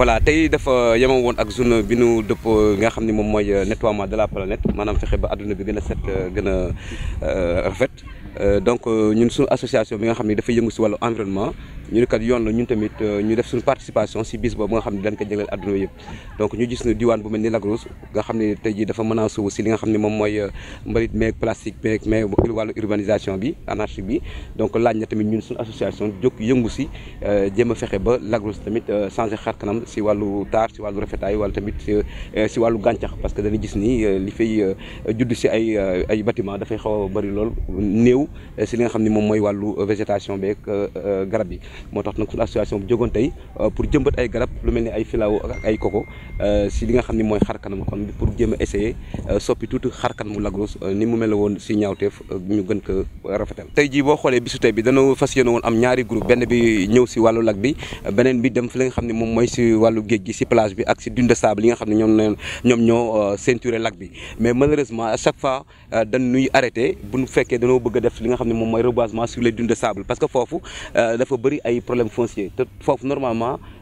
voilà tay dafa yema won ak zone bi nu nga euh, de la planète manam ba aduna bi gëna a set euh, gëna euh, donc ñun association bi environnement ñu ne kat yoon la ñun tamit euh, ñu def suñu participation si bis boobu nga xam ne dañ ko jagleel adduna yëpp donc ñu gis ne diwaan bu mel ni Lac nga xam ne tey jii dafa menacé wu si li nga xam ne moom mooy euh, mbalit meeg plastique meeg mais wàllu urbanisation bi anarchie bi donc laaj na tamit ñun suñu association jóg yëngu si euh, jéem a fexe ba lagros tamit changé xar kanam si wàllu taar si wàllu rafetaay wala tamit si wàllu gàncax parce que dañu gis ni li fay judd si ay ay bâtiment dafay xaw a bëri lool néew si li nga xam ne moom mooy wàllu végétation beeg garab yi motax tax nag suñu association bu jógoon tey euh, pour jëmbat ay garab lu melni ay filao ak ay koko euh, si li nga xamni moy mooy xar kanam kon pour jëm essayer euh, soppi tuuti xarkan kanamu lagros ni mu mel won si ñaawteef ñu gën ko rafetal tey jii boo xoolee bisu tay bi dañu fas won am ñaari groupe benn bi ñëw si walu lac bi benen bi dem fi nga xamni mom moy mooy si wàllu géej gi si plage bi ak si dune de sable li nga xamni ñom ñom neen ñoom ñoo ceinturé lac bi mais malheureusement à chaque fois dañ nuy arrêté bu ñu fekkee dañu bëgg def li nga xamni mom moy mooy reboisement sur les dunes de sable parce que fofu dafa bëri ay problème foncier te foofu normalement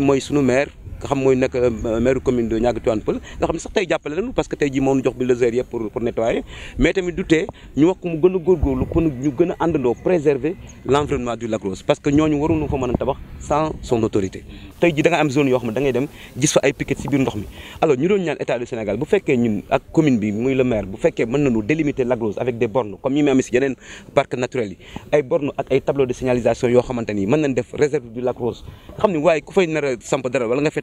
formou isso no nga xam mooy nekk euh, maire commune de Niaga Tivaouane nga xam sax tay jappalé lañu parce que tay ji moom jox bi les heures pour pour nettoyer mais tamit du ñu wax ko mu gën a góorgóorlu pour ñu gëna andalo préserver l'environnement du Lac Rose parce que ñoñu waru ñu ko mëna tabax sans son autorité tay ji da nga am zone yo xam da ngay dem gis fa ay piquet ci biir ndox mi alors ñu doon ñaan état du Sénégal bu fekkee ñun ak commune bi muy le maire bu fekkee mëna ñu délimiter Lac Rose avec des bornes comme yi mu amee si yeneen parc naturel yi ay bornes ak ay tableaux de signalisation yo xamante mëna mën def réserve du Lac Rose xam ne waaye ku fay nar a samp dara wala nga fay